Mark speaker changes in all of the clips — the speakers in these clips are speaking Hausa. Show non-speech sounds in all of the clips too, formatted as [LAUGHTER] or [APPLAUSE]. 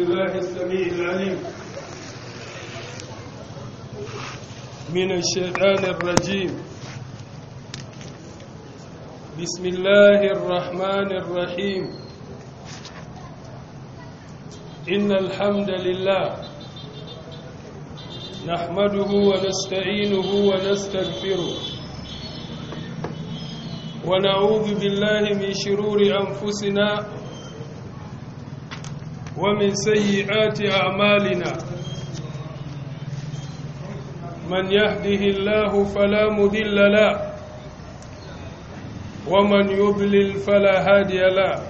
Speaker 1: بالله السميع العليم من الشيطان الرجيم بسم الله الرحمن الرحيم إن الحمد لله نحمده ونستعينه ونستغفره ونعوذ بالله من شرور أنفسنا ومن سيئات أعمالنا من يهده الله فلا مذل له ومن يضلل فلا هادي له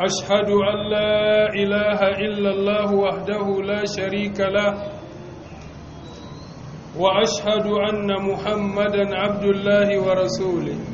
Speaker 1: أشهد أن لا إله إلا الله وحده لا شريك له وأشهد أن محمدا عبد الله ورسوله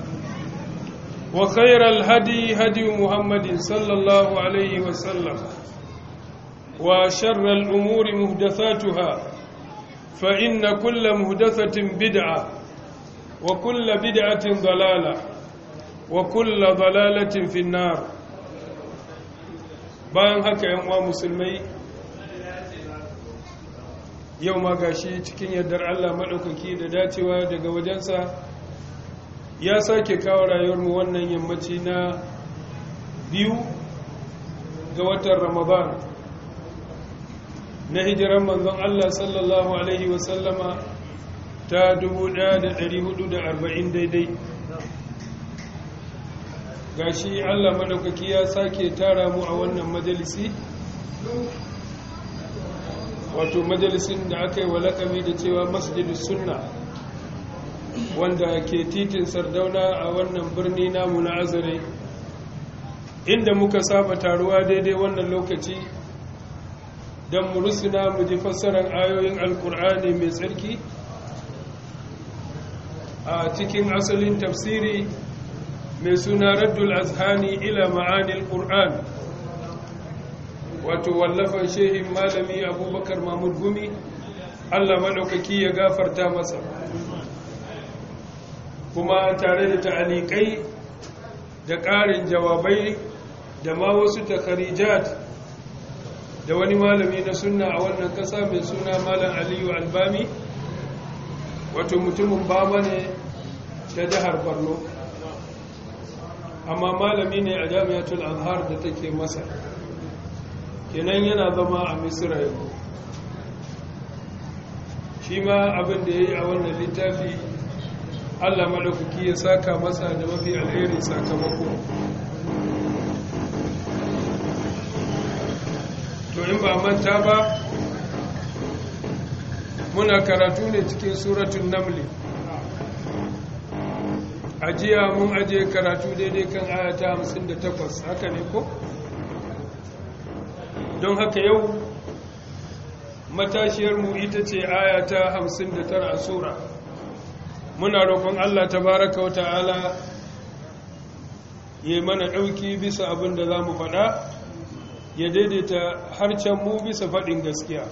Speaker 1: وخير الهدي هدي محمد صلى الله عليه وسلم وشر الأمور مهدثاتها فإن كل مهدثة بدعة وكل بدعة ضلالة وكل ضلالة في النار bayan haka yan uwa musulmai yau ma gashi cikin yardar Allah maɗaukaki da dacewa daga wajensa ya sake kawo rayuwarmu wannan yammaci na biyu ga watan ramadan na hijiran manzon Allah sallallahu Alaihi wasallama ta 1440 daidai Ga shi Allah madaukaki ya sake tara mu a wannan majalisi wato majalisin da aka yi wa da cewa masjidin sunna wanda ke titin sardauna a wannan birni namu na azare inda muka saba taruwa daidai wannan lokaci don mu rusuna mu ji fassarar ayoyin alkur'ani mai tsarki a cikin asalin tafsiri mai suna raddul azhani ila ma'anil qur'an wato wallafan shehin malami abubakar mahmud gumi allah maɗaukaki ya gafarta masa kuma tare da ta'alikai da ƙarin jawabai da ma wasu takarijat da wani malami na suna a wannan ƙasa mai suna malam aliyu albami wato mutumin bama ne ta jihar borno amma malami ne a jami'atul anhar da take masa kenan yana zama a misira yau shi ma abin da ya yi a wannan littafi Allah malafuki ya saka masa da mafi alherin sakamako to in ba manta ba muna karatu ne cikin suratun namli ajiya mun aje karatu daidai kan ayata 58 haka ne ko don haka yau matashiyarmu ita ce ayata 59 a sura muna roƙon Allah ta tabaraka wata'ala ya mana ɗauki bisa abin da za mu faɗa ya daidaita harcen mu bisa faɗin gaskiya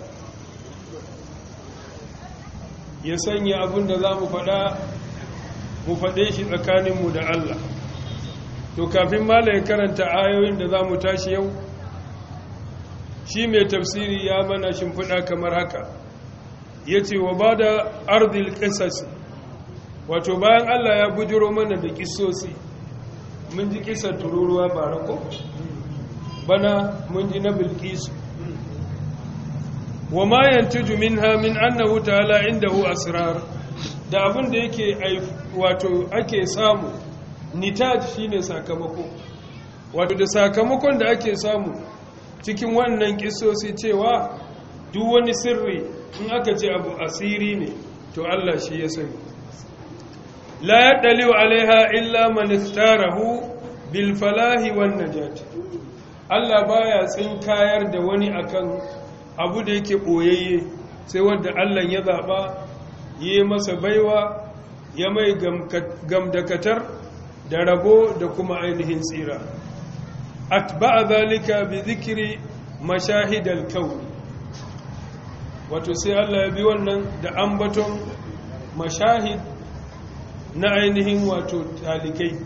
Speaker 1: ya sanya abin da za mu faɗa mu faɗe shi tsakaninmu da Allah to kafin mala ya karanta ayoyin da za mu tashi yau shi mai tafsiri ya mana shimfiɗa kamar haka ya ce wa ba da ardil ƙasasi wato bayan Allah ya bujiro mana da kisosi mun ji kisar tururuwa barako bana mun ji na bilkisu wa ma yantaju minha min annahu ta'ala indahu asrar da abin da yake wato ake samu nitaj shine sakamako wato da sakamakon da ake samu cikin wannan kisosi cewa duk wani sirri in aka ce abu asiri ne to Allah shi ya sani la yadliu alaiha illa manistarahu istarahu bil falahi wan najati Allah baya tsinkayar da wani akan abu da yake boyayye sai wanda Allah ya zaba yi masa baiwa ya mai gamdakatar da rabo da kuma ainihin tsira atba'a zalika bi zikri mashahidal kauni wato sai Allah ya bi wannan da ambaton mashahid na ainihin wato talikai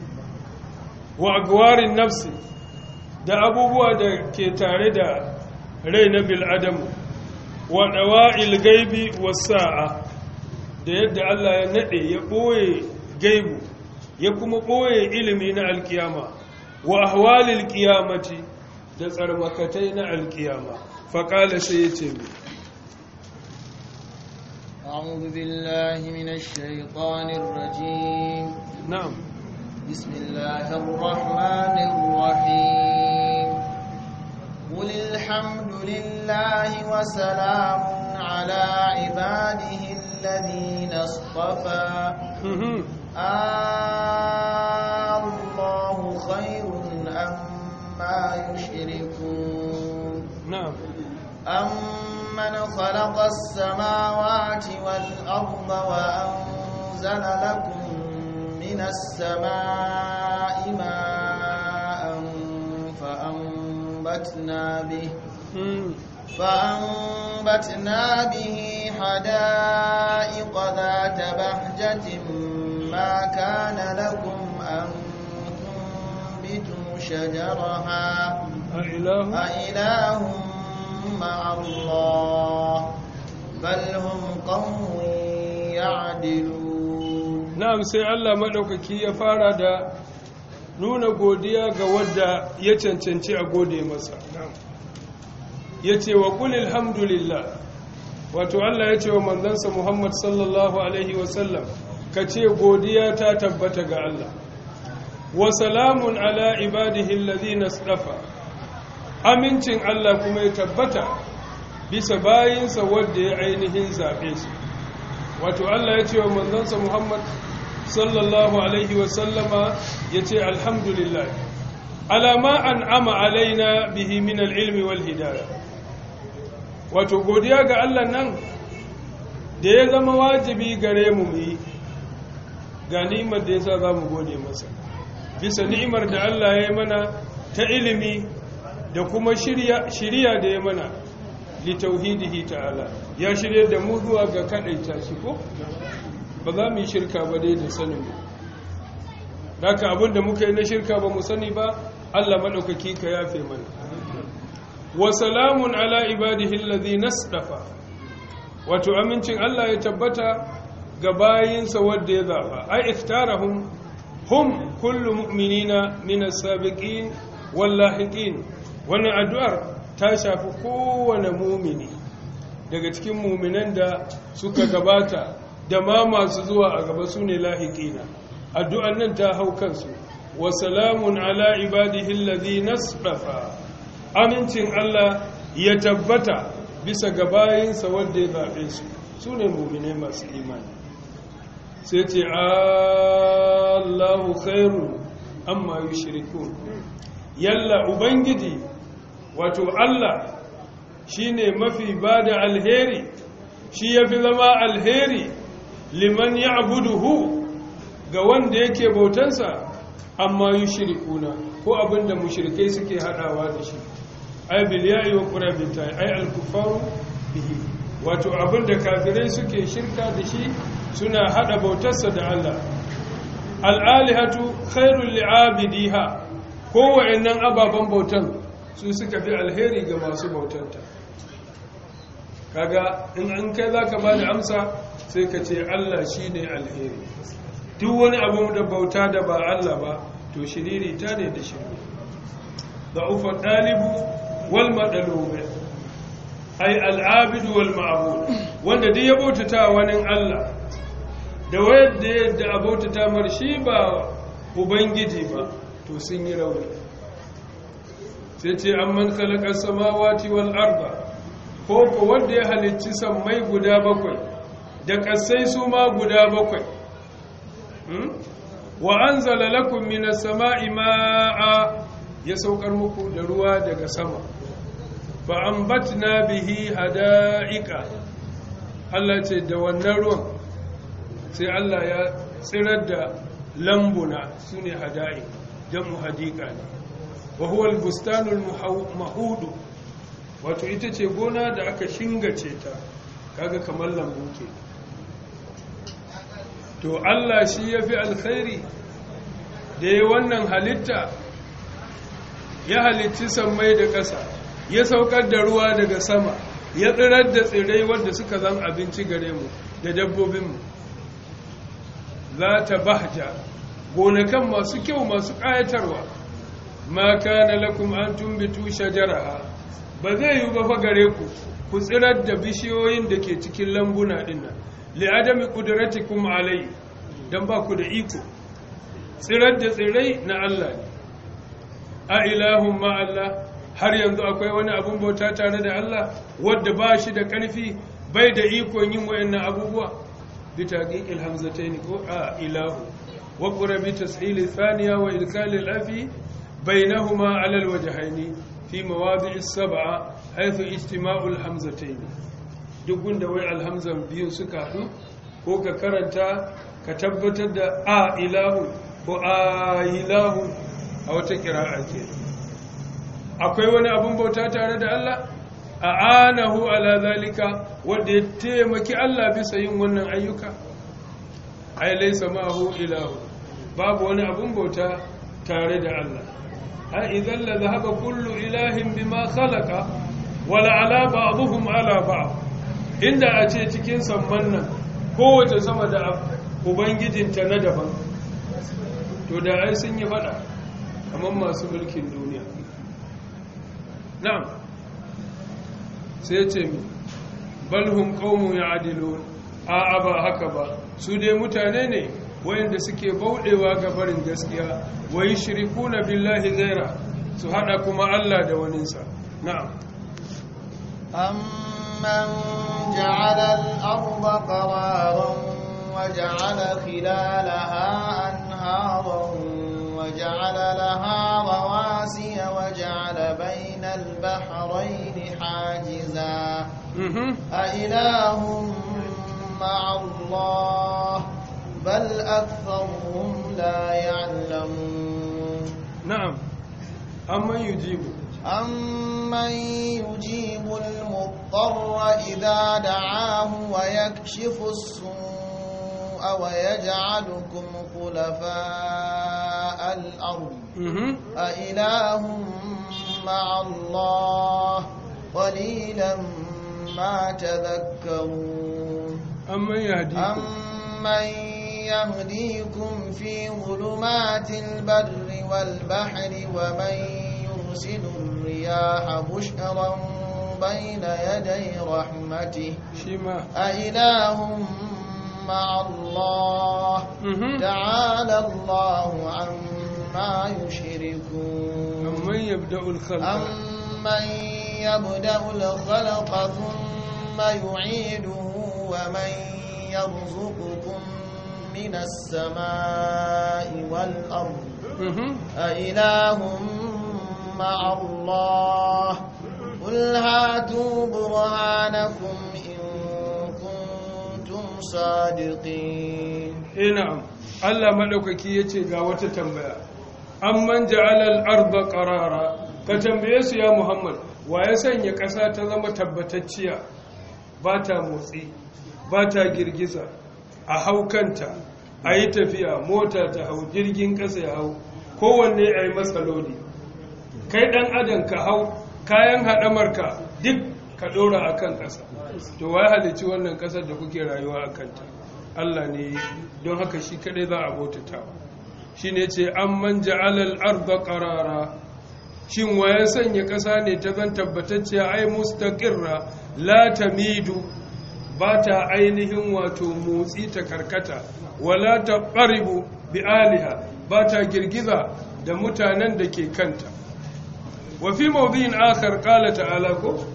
Speaker 1: wa agwarin nafsi da abubuwa da ke tare da rai na bil'adamu wa ilgaibi gaibi sa'a da yadda Allah ya naɗe ya ɓoye gaibu ya kuma ɓoye ilimi na alkiyama wa ahwalil kiyamati da tsarmakatai na alkiyama faƙala sai ya ce mai أعوذ
Speaker 2: بالله من الشيطان الرجيم نعم بسم الله الرحمن الرحيم قل الحمد لله وسلام على عباده الذين اصطفى آه، الله خير أما أم يشركون نعم أم ممن خلق السماوات والأرض وأنزل لكم من السماء ماء فأنبتنا به فأنبتنا به حدائق ذات بهجة ما كان لكم أن تنبتوا شجرها أإله مع
Speaker 1: الله بل هم قوم يعدلون نعم سي الله ya fara da nuna godiya ga wadda ya cancanci a gode masa ya ce wa kulil hamdulillah wato Allah ya ce wa manzansa Muhammad sallallahu alaihi wasallam ka ce godiya ta tabbata ga Allah wa salamun ala ibadihi alladhina istafa amincin Allah kuma ya tabbata bisa bayinsa wadda ya ainihin zaɓe su wato Allah ya ce wa manzansa Muhammad sallallahu alaihi wasallama ya ce alhamdulillah alama an ama alaina bihi min al'ilmi wal hidaya wato godiya ga Allah nan da ya zama wajibi gare mu yi ga ni'imar da ya sa za mu gode masa bisa ni'imar da Allah ya yi mana ta ilimi da kuma shirya da ya mana litauhidihi ta'ala ya shirya da mu zuwa ga kadaita shi ko ba za mu yi shirka ba dai da sanin mu abin abinda muka yi na shirka ba mu sani ba Allah maɗaukaki ka yafe mana wa salamun ala ibadihi alladhi nasdafa wato amincin Allah ya tabbata ga bayinsa wadda ya zaba a iftarahum hum kullu mu'minina min as-sabiqin wal lahiqin wannan addu'ar ta shafi kowane mumini daga cikin muminan da suka gabata da ma masu zuwa a gaba su ne lahiƙina addu'an nan ta hau kansu wa salamun ala ibadihin lazi nasrafa amincin Allah ya tabbata bisa gabayinsa wanda ya zaɓe su su ne mumine masu imani sai ce Allahu khairu amma yi shirikun yalla ubangiji wato Allah shi ne mafi ba da alheri shi ya fi zama alheri liman ya abuduhu ga wanda yake bautansa amma yi shirikuna ko abinda shirke suke hadawa da shi ai biliyayi wa kurabita ai alkufaru bihi wato abinda kafirai suke shirka da shi suna hada bautarsa da Allah al'alihatu khairul li'abidiha ko wa'annan ababen bautan su suka fi alheri ga masu bautanta kaga in an kai za ka ba da amsa sai ka ce allah shi ne alheri duk wani abu da bauta da ba allah ba to shiriri ta ne da shiriri da ufa ɗalibu wal maɗalobe ai al'abidu wal ma'abu wanda duk ya bautata wani allah da wadda yadda a bautata mar shi ba ubangiji ba to sun yi rauni sai ce an man khalaqa samawati wal Arba. ko ko wanda ya halicci sammai guda bakwai da kasai su ma guda bakwai hmm? wa anzala lakum minas sama'i ma'a ya saukar muku da ruwa daga sama fa ambatna bihi hada'ika Allah ce da wannan ruwan sai Allah ya tsirar da lambuna su ne hada'i jamu hadika ne wa huwa al wato ita ce gona da aka shingace ta kaga kamar lambu ke to Allah shi ya yafi alkhairi da ya wannan halitta ya halicci sammai da ƙasa ya saukar da ruwa daga sama ya tsirar da tsirai wanda suka zan abinci gare mu da dabbobinmu za ta bahja gonakan masu kyau masu ƙayatarwa ma kana lakum an tumbitu shajaraha ba zai yi ba fa gare ku ku tsirar da bishiyoyin da ke cikin lambuna dinnan li adami qudratikum alai dan ba ku da iko tsirar da tsirai na Allah ne a ilahun ma Allah har yanzu akwai wani abun bauta tare da Allah wanda ba shi da karfi bai da iko, yin wayannan abubuwa bi taqiqil hamzataini ko a ilahu wa qurabi tashil thaniya wa ilkal al بينهما على الوجهين في مواضع السبعة حيث اجتماع الهمزتين دقون دوي الهمزة بيون سكاحو هو كرنتا كتبتد آ إله هو آ إله أو تكرا أكيد akwai wani abin bauta tare da Allah a anahu ala zalika wanda ya taimaki Allah bisa yin wannan ayyuka ai laysa ma'ahu ilahu babu wani abin bauta tare da Allah a idan la zahaba kullu ilahin bima khalaqa wala ala ba'dhum ala ba'd inda a ce cikin samman nan kowace sama da ubangijinta na daban to da ai sun yi fada kamar masu mulkin duniya na'am sai ce mi balhum ya ya'dilun a'a ba haka ba su dai mutane ne wayanda suke bauɗewa ga barin gaskiya wai yushrikuna billahi ghaira su hada kuma Allah da waninsa na'am
Speaker 2: amman ja'ala al-ardha qararan wa ja'ala khilalaha anharan وجعل لها رواسي وجعل بين البحرين حاجزا أإله مع الله بل أكثرهم لا يعلمون
Speaker 1: نعم أمن يجيب
Speaker 2: أمن يجيب المضطر إذا دعاه ويكشف السوء ويجعلكم خلفاء الأرض أإله مع الله قليلا ما تذكرون أمن يهديكم أمن يهديكم في ظلمات البر والبحر ومن يرسل الرياح بشرا بين يدي رحمته أإله مع الله تعالى الله عما
Speaker 1: يشركون أمن يبدأ الخلق أمن
Speaker 2: يبدأ الخلق ثم يعيده ومن يرزقكم من السماء والأرض أإله مع الله قل هاتوا برهانكم إن كنتم
Speaker 1: صادقين نعم Allah maɗaukaki ya ce ga wata tambaya, an manja alal arba ka tambaye su ya Muhammad, wa ya sanya kasa ta zama tabbatacciya ba ta motsi, ba ta girgiza, a haukanta a yi tafiya mota ta hau jirgin ƙasa ya hau kowanne a yi matsaloli kai ɗan adam ka hau kayan haɗamarka duk ka ɗora a kan ƙasa to wa halici wannan ƙasar da kuke rayuwa a kanta allah ne don haka shi kaɗai za a bautatawa shi ne ce an manja alal arba ƙarara shin waye sanya ƙasa ne ta zan tabbatacciya ai mustaƙirra la tamidu ba ta ainihin wato motsi ta karkata wala ta ɓaribu bi aliha ba ta girgiza da mutanen da ke kanta Wa wafi mawubiyin akar ƙala ta'ala ko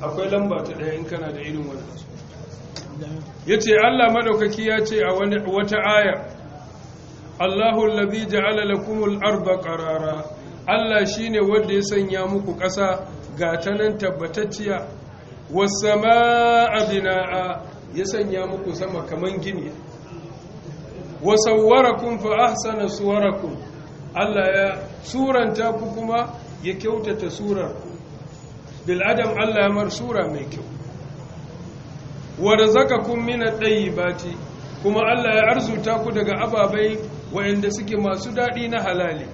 Speaker 1: akwai lamba ta ɗaya in kana da irin wani ya ce allah maɗaukaki ya ce a wata aya allahu labi ja'ala kumul arba ƙarara allah shine wanda ya sanya muku ƙasa ga ta nan tabbatacciya wasama'a bina'a ya sanya muku sama kaman gini wa sawwarakum fa ahsana warakun. Allah ya suranta ku kuma ya kyautata surar bil'adam adam Allah mar sura mai kyau kun mina min ɗayi ce kuma Allah ya arzuta ku daga ababai wayanda suke masu daɗi na halali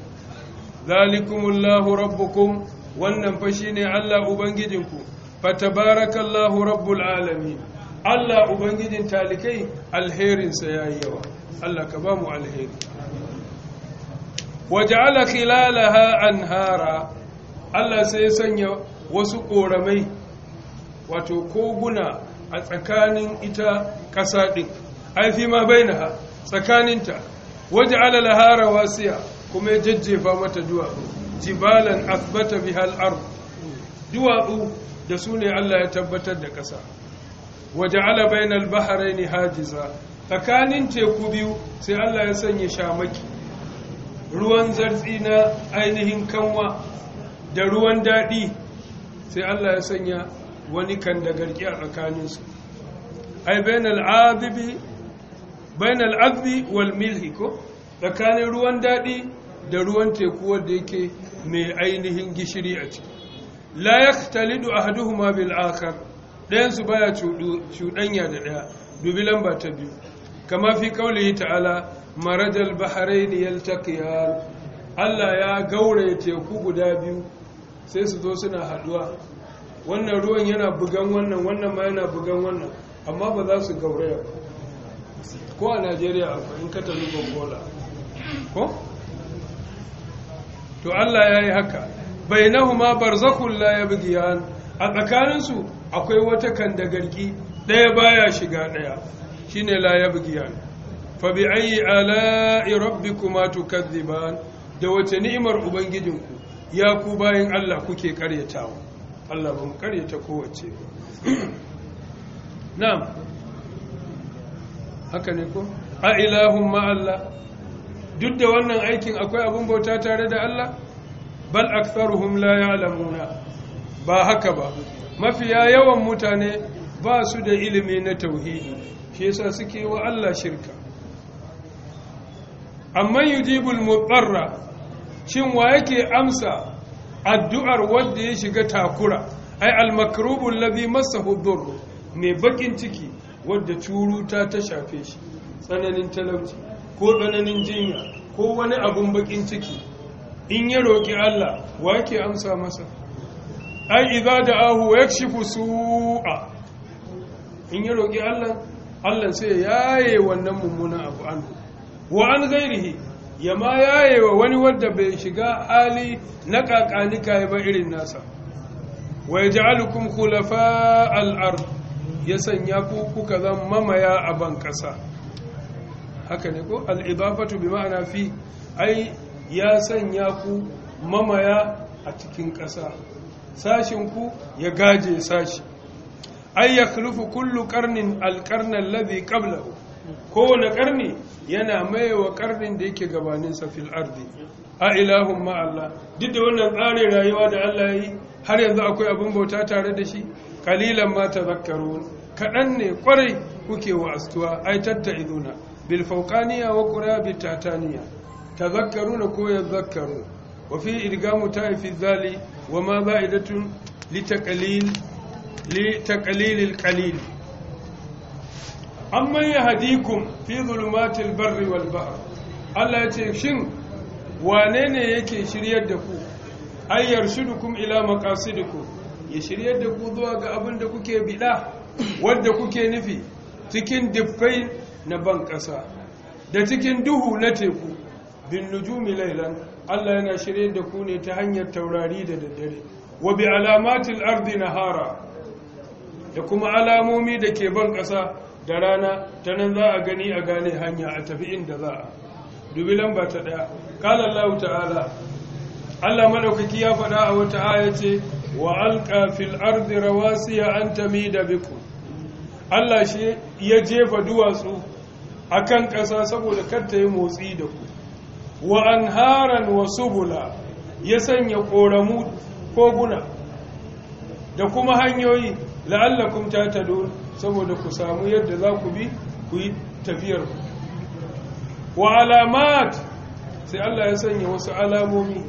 Speaker 1: zalikumullahu rabbukum wannan fashi ne Allah ubangijinku fatabarakallahu rabbul alami. Allah ubangijin talikai alherinsa yayi yawa Allah ka ba mu alheri waja'ala khilalaha hara. Allah sai ya sanya wasu koramai wato koguna a tsakanin ita ƙasa ɗin haifi ma bainaha tsakaninta waje alala hara wasiya kuma ya jajjefa mata duwatsu jibalan asbata bihal ard duwatsu da su ne Allah ya tabbatar da ƙasa waje alabain albaharai ne hajiza tsakanin teku biyu sai Allah ya sanya shamaki ruwan zartsi na ainihin kanwa da ruwan daɗi sai Allah ya sanya wani kan da garki a tsakaninsu ai bayan al'adibi wal milhi ko tsakanin ruwan daɗi da ruwan teku wanda yake mai ainihin gishiri a ciki la yaktalidu ahaduhuma bil akhar dayan su baya cuɗanya da daya dubi lamba ta biyu kama fi kaulihi ta'ala marajal bahrain yaltaqiyan Allah ya gauraye teku guda biyu sai su zo suna haduwa wannan ruwan yana bugan wannan wannan ma yana bugan wannan amma ba za su gauraya ba ko a Najeriya akwai in ka tafi Bangola ko to Allah ya yi haka bainahuma barzakhun la yabghiyan a tsakanin su akwai wata kandagarki daya baya shiga daya shine la yabghiyan fa bi ayi ala'i rabbikuma tukadhiban da wace ni'imar ubangijinku ya ku bayin Allah kuke karyatawa Allah ban karyata kowace [CLEARS THROAT] na'am haka ne ko a ilahun ma'alla duk da wannan aikin akwai abin bauta tare da Allah bal aktharuhum la ya'lamuna ba haka ba mafiya yawan mutane ba su da ilimi na tauhidi shi yasa suke wa Allah shirka amma yujibul mudarra shin wa yake amsa addu'ar wanda ya shiga takura ai al-makrubul ladhi massahu dhurr mai bakin ciki wadda curuta ta shafe shi tsananin talauci ko tsananin jinya ko wani abun bakin ciki in ya roƙi Allah wa yake amsa masa ai idza ya yakshifu su'a in ya roƙi Allah Allah sai yaye wannan mummunan abu an wa an gairihi ya ma yaye wa wani wadda bai shiga hali na kakanika ba irin nasa wa ji khulafa kulafa al'ar ya sanya ku kuka zan mamaya a ban ƙasa haka ne ko al bi ma'ana fi ai ya sanya ku mamaya a cikin ƙasa sashinku ya gaje sashi ai ya kullu kullu karnin alƙarnar labi ƙabla kowane ƙarni yana maiwa ƙarnin da yake gabaninsa fil ardi a ilahun Allah. duk da wannan tsarin rayuwa da Allah yi har yanzu akwai abin bauta tare da shi kalilan ma tazakkarun kaɗan ne kwarai kuke wa astuwa ai tatta iduna bil fauqaniya wa qura bi tataniya tazakkaruna ko yadhakkaru wa fi idgamu ta fi zali wa ma ba'idatun li taqlil li taqlil al qalil amman yahdikum fi dhulumati al barri wal bahr Allah yace shin wane ne yake shiryar da ku ila maqasidikum ya shiryar da ku zuwa ga abin da kuke biɗa. wanda kuke nufi cikin dukkai na ban da cikin duhu na teku bin nujumi lailan, Allah yana shirye da ku ne ta hanyar taurari da daddare wa bi alamatil ardi nahara da kuma alamomi da ke ban ƙasa da rana ta nan za a gani a gane hanya a tafi inda za a dubi lamba ta ɗaya qala Allah ta'ala Allah maɗaukaki ya faɗa a wata aya ce wa alqa fil ardi rawasiya an tamida biku. Allah shi ya jefa duwatsu akan ƙasa saboda kar ta yi motsi da ku wa an haran wasu bula ya sanya koramu koguna da kuma hanyoyi la'allakum ta tatadun saboda ku samu yadda za ku bi ku yi tafiyar wa alamat sai Allah ya sanya wasu alamomi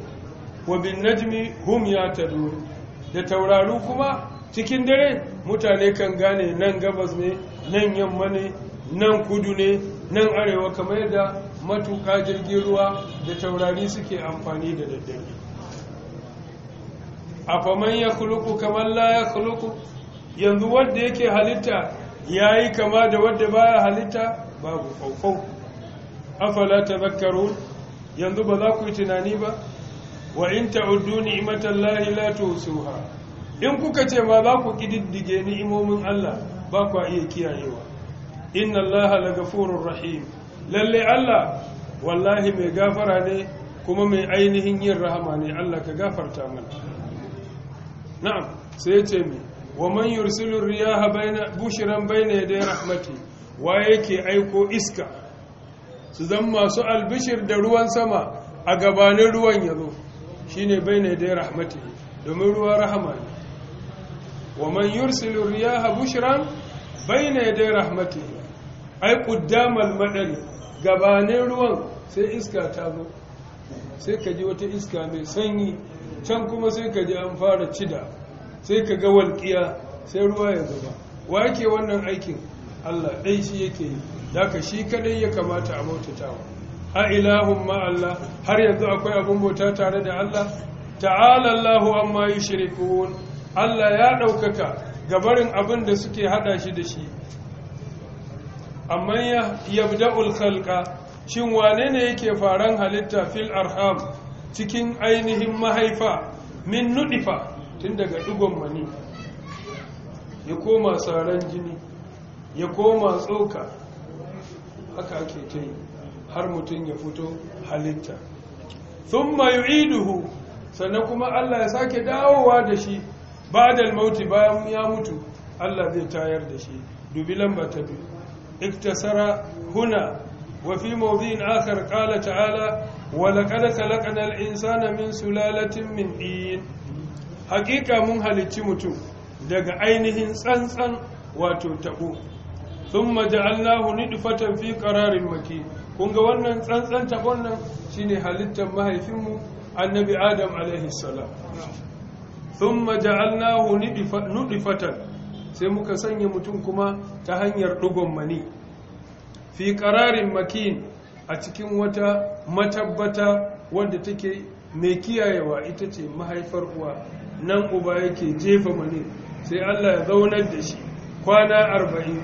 Speaker 1: wa bin najmi hum yatadun da tauraru kuma cikin dare mutane kan gane nan gabas ne nan yamma ne nan kudu ne nan arewa kamar yadda matuƙa jirgin ruwa da taurari suke amfani da daddare a faman ya kuluku kamar la ya kuluku yanzu wadda yake halitta ya yi kama da wadda baya halitta babu faufau afala ta zakaru yanzu ba za ku yi tunani ba wa in ta'uddu ni'imatan lahi la tusuha in kuka ce ma za ku kididdige ni'imomin Allah ba ku iya kiyayewa inna allaha lagafurur rahim lalle Allah wallahi mai gafara ne kuma mai ainihin yin rahama ne Allah ka gafarta mana na'am sai ya ce mai wa man yursilu riyaha baina bushran baina yaday rahmati wa yake aiko iska su zan masu albishir da ruwan sama a gabanin ruwan yazo shine baina yaday rahmati domin ruwa rahama ne wa man yursilu riyaha bushran baina yaday rahmati ai quddamal madani. gabanin ruwan sai iska ta zo sai ka ji wata iska mai sanyi can kuma sai ka ji an fara cida sai ka ga walƙiya sai ruwa ya zuba wa yake wannan aikin allah ɗai shi yake yi daga shi kaɗai ya kamata a bautatawa a ilahun ma'allah har yanzu akwai abin bauta tare da allah ta'ala allahu amma yi shirikun allah ya ɗaukaka gabarin abin da suke haɗa shi da shi amma yabda'ul khalqa shin wane ne yake faran halitta fil arham cikin ainihin mahaifa min nudifa tun daga dugon mani ya koma saran jini ya koma tsoka haka ake ta yi har mutum ya fito halitta sun mayu duhu, sannan kuma Allah ya sake dawowa da shi ba da mauti bayan ya mutu Allah zai tayar da shi dubi lamba ta biyu اكتسر هنا وفي موضع آخر قال تعالى ولقد خلقنا الإنسان من سلالة من طين حقيقة من هلتي متو دغ عينه سنسن واتو تبو ثم جعلناه نطفة في قرار مكين kun ga wannan tsantsan tabon nan shine halittar mahaifinmu annabi adam alaihi salam thumma ja'alnahu nudifatan sai muka sanya mutum kuma ta hanyar dugon mani fi kararin makin a cikin wata matabbata wanda take mai kiyayewa ita ce mahaifar uwa nan uba yake jefa mani sai Allah ya zaunar da shi kwana arba'in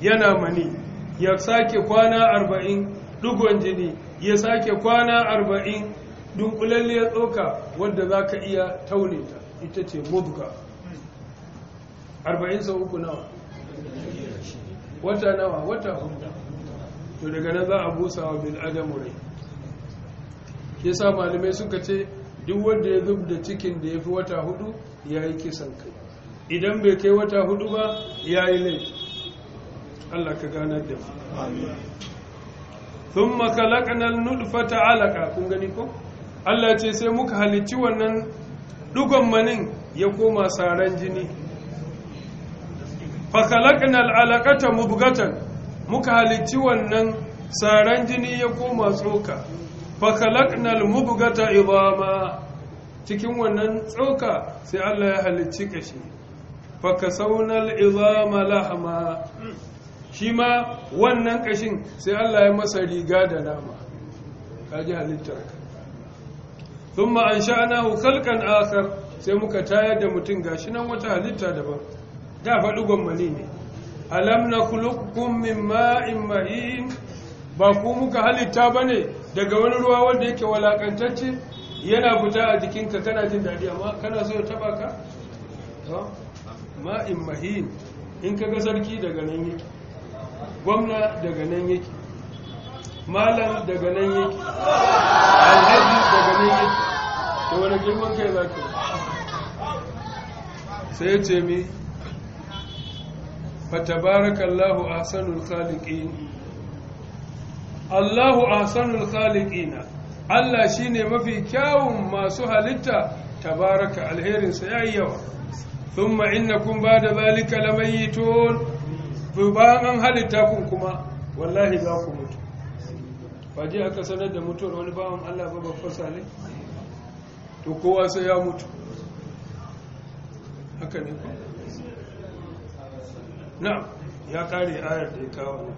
Speaker 1: yana mani ya sake kwana arba'in dugon jini ya sake kwana arba'in dunkulalliyar tsoka wadda za ka iya taunita ita ce mudga arba'in sau uku nawa wata nawa wata hudu to daga nan za a busa wa bil adamu rai ke sa malamai suka ce duk wanda ya zub da cikin da ya fi wata hudu ya yi kisan kai idan bai kai wata hudu ba ya yi lai Allah ka ganar da mu sun makalakanar nufata alaka kun gani ko Allah ce sai muka halicci wannan dugon manin ya koma saran jini muka halicci wannan مكهلتي jini ya koma tsoka تسوكا فخلقنا المبغة عظاما cikin wannan tsoka sai Allah ya halicci kashi fakasaunal izama lahama shi ma wannan kashin sai Allah ya masa riga da nama kaji halittar ka thumma sha'ana hukalkan akar sai muka tayar da mutum gashi nan wata halitta daban da faɗi dugon ne alam nakhluqukum min ma'in ma'in ba ku muka halitta ba ne daga wani ruwa wanda yake walakantacce yana fita a jikinka kana jin daɗi amma kana so ya taba ka ma'in ma'in in ga sarki daga nan yake gwamna daga nan yake malam daga nan yake alhaji daga nan yake da wani girman kai za ka sai ya ce mi فتبارك الله أحسن الخالقين الله أحسن الخالقين الله شيني ما في كاوم ما سهلت تبارك الهير سيأيوا ثم إنكم بعد ذلك لميتون فبان هلتاكم كما والله ذاكم متو aka sanar da mutuwar wani bawan Allah ba babbar تقوى to kowa sai na'am ya kare ayar da ya kawo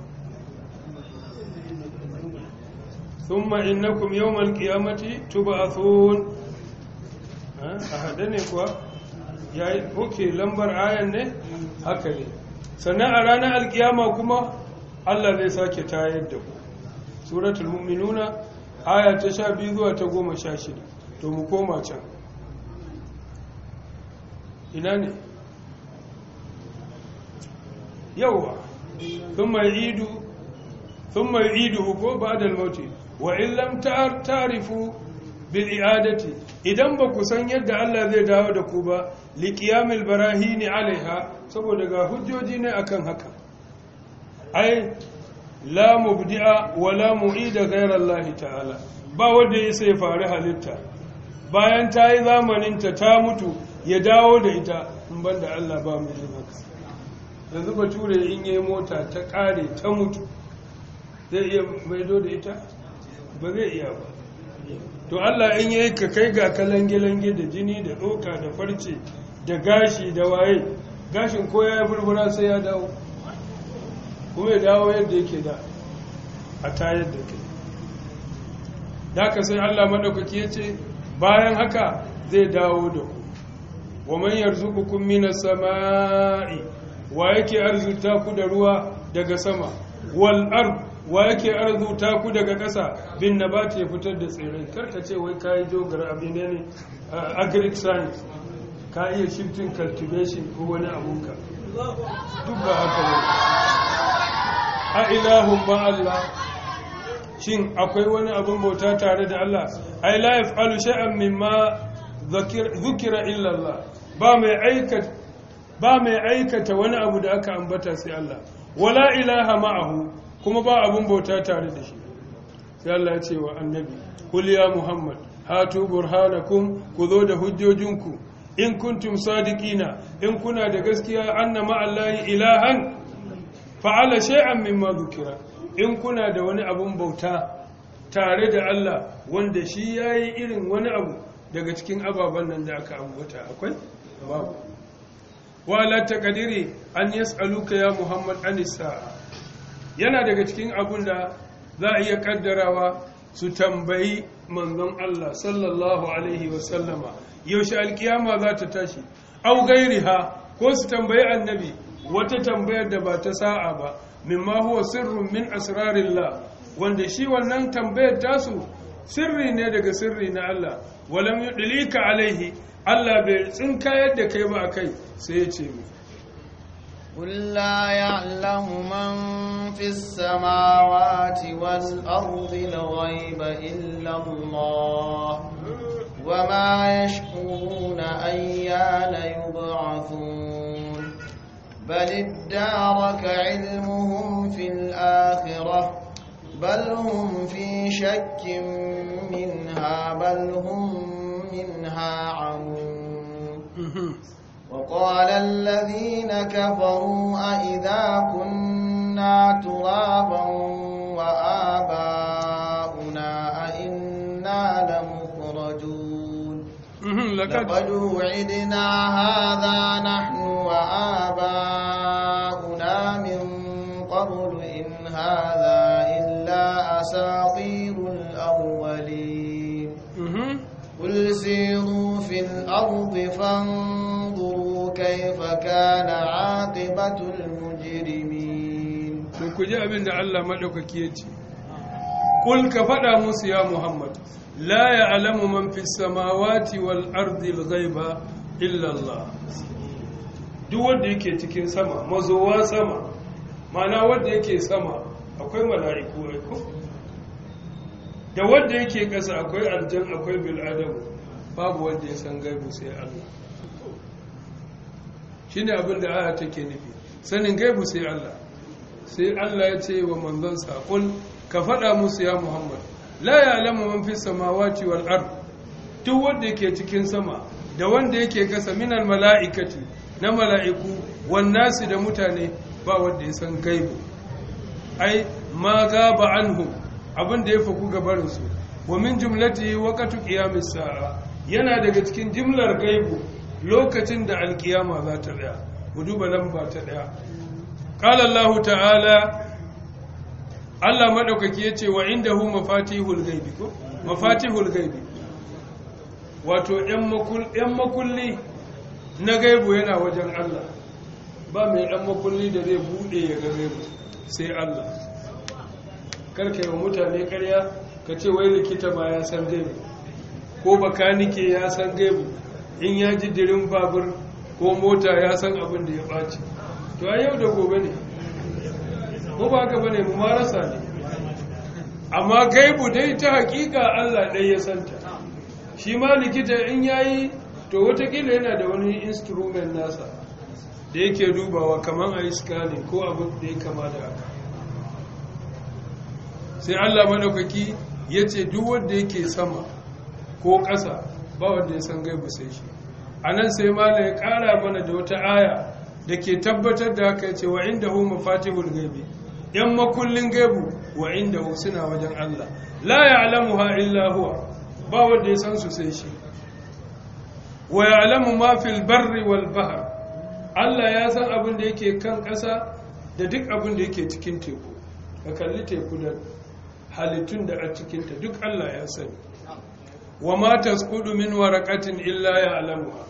Speaker 1: thumma innakum yawmal qiyamati ne kuwa yayi oke lambar ayan ne haka ne sannan a ranar alkiyama kuma Allah zai sake tayar da ku suratul mu'minuna aya ta sha zuwa ta goma to mu ina ne yawwa thumma mai thumma yu'iduhu ko ba'da al wa illam ta'rifu bil i'adati idan ba ku san yadda Allah zai dawo da ku ba liqiyamil barahini alaiha saboda ga hujjoji ne akan haka ai la mubdi'a wa la mu'ida ghayra Allah ta'ala ba wanda ya sai faru halitta bayan ta yi zamaninta ta mutu ya dawo da ita in banda Allah ba mu yi haka yanzu bature in yi mota ta kare ta mutu zai iya maido da ita ba zai iya ba to allah in yi ka kai ga kalange-lange da jini da doka da farce da gashi da waye gashin ko ya yi burbura sai ya dawo kuma ya dawo yadda yake da a tayar da kai da ka sai allah maɗaukaki ya ce bayan haka zai dawo da ku wa man yarzuqukum minas sama'i wa yake arzuta ku da ruwa daga sama wal ard wa yake arzuta ku daga ƙasa bin nabati ya fitar da tsirai karka ce wai kayi jogar abin ne ne agric science ka iya shifting cultivation ko wani ka. duk ba haka ne a ilahun ba Allah shin akwai wani abin bauta tare da Allah ai la yaf'alu shay'an mimma dhukira illa Allah ba mai aikata ba mai aikata wani abu da aka ambata sai Allah wala ilaha ma'ahu kuma ba abun bauta tare da shi sai Allah ya ce wa annabi kul ya muhammad hatu burhanakum ku zo da hujjojinku in kuntum sadiqina in kuna da gaskiya anna ma'allahi ilahan fa'ala shay'an mimma dhukira in kuna da wani abun bauta tare da Allah wanda shi yayi irin wani abu daga cikin ababen nan da aka ambata akwai babu wa ta kadiri an tsaluka ya muhammad anisa yana daga cikin abun da za a iya kaddarawa su tambayi manzon Allah sallallahu alaihi wa yaushe alkiyama za ta tashi au ha ko su tambayi annabi wata tambayar da ba ta sa'a ba mimma huwa sirrun min asrarillah wanda shi wannan tambayar tasu sirri ne daga sirri na Allah walam yudlika alaihi Allah bai tsinka da kai ba kai sai ya ce mu.
Speaker 2: Kulla ya lamu man fi sama wati wasu arzi na wai ba illamu ma wa ma ya shi na ba balidda maka ilmuhun fil akhirah fi shakkin min ha منها عموم وقال الذين كفروا أئذا كنا ترابا وآباؤنا أئنا لمخرجون لقد وعدنا هذا نحن وآباؤنا من قبل إن هذا إلا أساطير سيروا في الأرض فانظروا كيف
Speaker 1: كان عاقبة المجرمين كجاء من الله ملك كيتي قل كفدا موسى يا محمد لا يعلم من في السماوات والأرض الغيب إلا الله duk wanda تكين سما مزوا سما ما mana wanda yake sama akwai mala'iku aiko da wanda yake ƙasa akwai aljan akwai bil'adamu babu wanda ya san gaibu sai Allah ne abin da aya take nufi sanin gaibu sai Allah sai Allah ya ce wa manzon saƙon ka faɗa musu ya Muhammad la ya alamu man fi samawati wal ard duk wanda yake cikin sama da wanda yake kasa minal mala'ikati na mala'iku wan nasi da mutane ba wanda ya san gaibu ai ma ga ba anhu abin da ya faku gabarinsu wa min jumlatihi waqtu qiyamis sa'a yana daga cikin jimlar gaibu lokacin da alkiyama za ta daya mu duba ba ta daya ƙala allah ta'ala allah ya ce wa inda hu mafatihul gaibi wato yan makulli na gaibu yana wajen allah ba mai yan makulli da zai buɗe ya ga gaibu sai allah karka yi wa mutane karya ka ce wai likita ba ya san gaibu ko bakanike ya san gaibu in ya ji dirin babur ko mota ya san abin da ya ɓaci to a yau da gobe ne ko ba ka bane mu marasa ne amma gaibu dai ta hakika Allah ɗai ya santa shi ma likita in ya yi to watakila yana da wani instrument nasa da yake dubawa kamar a yi scanning ko abin da ya kama da haka sai Allah maɗaukaki ya ce duk wanda yake sama ko ƙasa ba wanda ya san gaibu sai shi a nan sai malam ya ƙara mana da wata aya da ke tabbatar da haka ya ce wa inda hu mafatihul gaibi yan makullin gaibu wa inda hu suna wajen Allah la alamu illa huwa ba wanda ya san su sai shi wa ya'lamu ma fil barri wal bahr Allah ya san abin da yake kan ƙasa da duk abin da yake cikin teku ka kalli teku da halittun da a cikinta duk Allah ya sani wa ma tasqudu min waraqatin illa ya'lamuha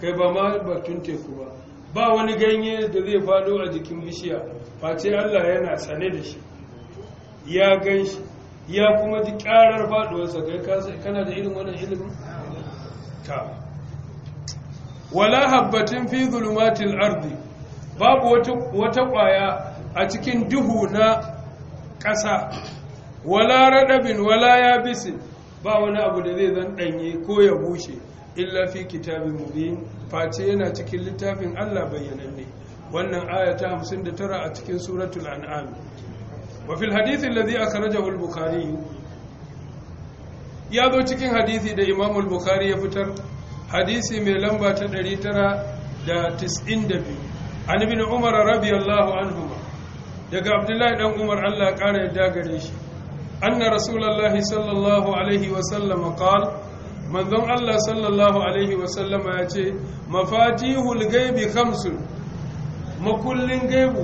Speaker 1: kai ba ma bakin teku ba ba wani ganye da zai fado a jikin bishiya face Allah yana sane da shi ya gan shi ya kuma ji karar faduwarsa kai kana da irin wannan ilimin ta wala habbatin fi zulumatil ardi babu wata wata kwaya a cikin duhu na ƙasa wala radabin wala yabisin ba wani abu da zai zan ɗanye ko ya bushe illa fi kitabin mubin face yana cikin littafin Allah bayyananne wannan aya ta 59 a cikin suratul an'am wa fil hadithi alladhi akhrajahu al-bukhari ya zo cikin hadisi da Imam al-bukhari ya fitar hadisi mai lamba ta 992 an ibn umar radiyallahu anhu daga abdullahi dan umar Allah ya kare gare shi أن رسول الله صلى الله عليه وسلم قال من ذن الله صلى الله عليه وسلم يأتي مفاتيح الغيب خمس مكل غيب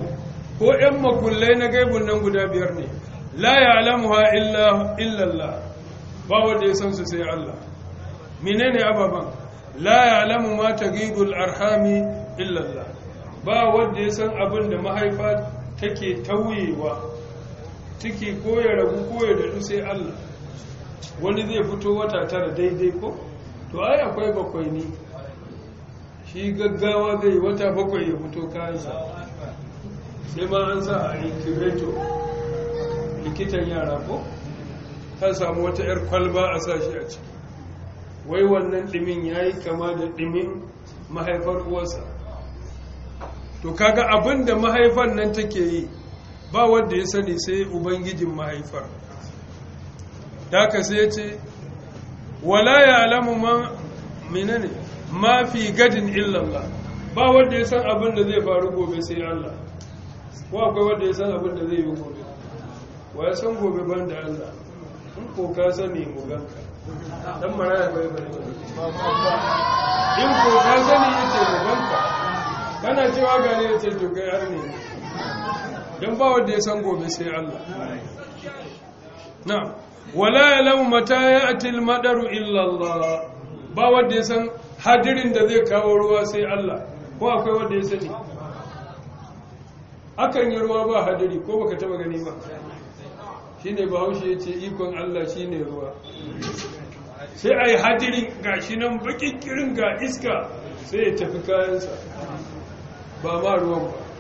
Speaker 1: ko ‘yan makullai na gaibun nan guda biyar ne, la ya alamuwa illallah, ba wanda ya san su Allah. Mine ne ababen, la ya alamu arhami illallah, ba wanda ya san abin da mahaifa take tauyewa ciki ko ya ragu ko ya dadu sai Allah wani zai fito wata tara daidai ko to ai akwai bakwai ne shi gaggawa zai wata bakwai ya fito kayansa sai ma an sa a incubator likitan yara ko ta samu wata 'yar kwalba a sashi a ciki wai wannan ɗimin yayi kama da ɗimin mahaifar uwarsa to kaga abin da mahaifan nan take yi ba wanda ya sani sai ubangijin mahaifar ka sai ya ce wala ya alamu ma menene ma fi gadin illallah ba wanda ya san abin da zai faru gobe sai Allah ko akwai wanda ya san abin da zai yi gobe wa ya san gobe ban da Allah in ko ka sani mu ganka dan maraya bai bari in ko ka sani yace mu ganka kana cewa gane yace to kai har ne don ba wanda ya san gobe sai Allah na wala ya lau mata ya atil madaru illallah ba wanda ya san hadirin da zai kawo ruwa sai Allah ko akwai wanda ya sani akan yi ruwa ba hadiri ko baka taba gani ba shine bahaushe ya ce ikon Allah shi ne ruwa sai a yi hadiri ga shi nan bakin kirin ga iska sai ya tafi kayansa ba ma ruwan ba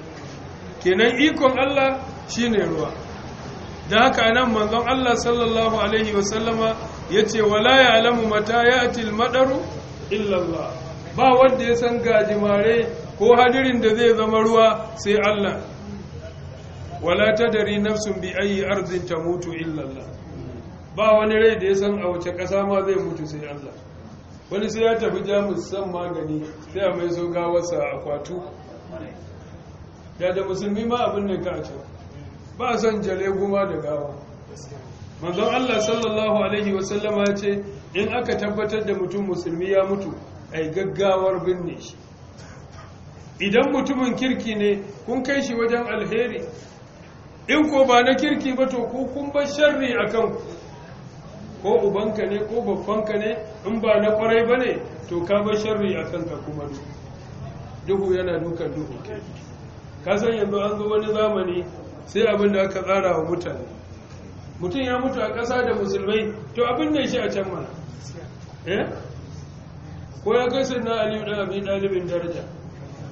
Speaker 1: kenan ikon Allah shine ruwa da haka nan manzon Allah sallallahu alaihi wa wasallama yace wala ya'lamu mata ya'til madaru illa Allah ba wanda ya san gajimare ko hadirin da zai zama ruwa sai Allah wala tadri nafsun bi ayi ardin tamutu illa Allah ba wani rai da ya san a wace ƙasa ma zai mutu sai Allah wani sai ya tafi jamus san magani sai a mai so gawarsa akwatu da da musulmi ma abin ne ka ce ba son jale goma da gawa manzon Allah sallallahu alaihi wasallama ya ce in aka tabbatar da mutum musulmi ya mutu ai gaggawar binne shi idan mutumin kirki ne kun kai shi wajen alheri in ko ba na kirki ba to ku kun bar sharri a ko ubanka ne ko babbanka ne in ba na kwarai ba ne to ka bar sharri a kanka kuma duhu yana dukan duhu kasan yanzu an zo wani zamani sai abin da aka tsara wa mutane mutum ya mutu a ƙasa da musulmai to abin da shi a can mana eh? ko ya kai na aliyu da abin ɗalibin daraja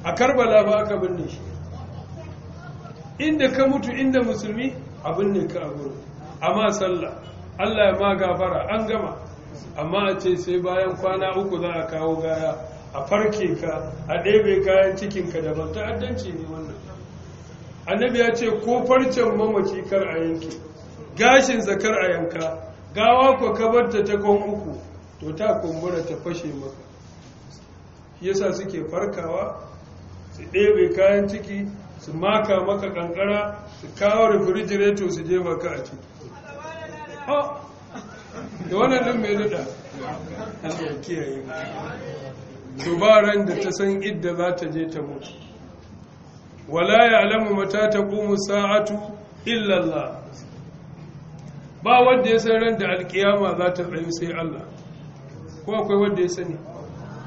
Speaker 1: a karbala ba aka binne shi inda ka mutu inda musulmi abin ne ka abu amma sallah allah ya ma gafara an gama amma a ce sai bayan kwana uku za a kawo gaya a farke ka a ɗebe kayan cikinka da ban ta'addanci ne wannan annabi ya ce ko farcen mamaci kar a yanki gashin zakar a yanka gawa ko kabarta ta takon uku to ta kumbura ta fashe maka yasa suke farkawa su ɗebe kayan ciki su maka maka kankara su kawo refrigerator su je maka a ciki da wannan nan mai nada kiyaye to ran da ta san idda za ta je ta mutu wala ya alamu mata ta taqumu sa'atu illa Allah ba wanda ya san ran da alkiyama za ta tsayu sai Allah ko akwai wanda ya sani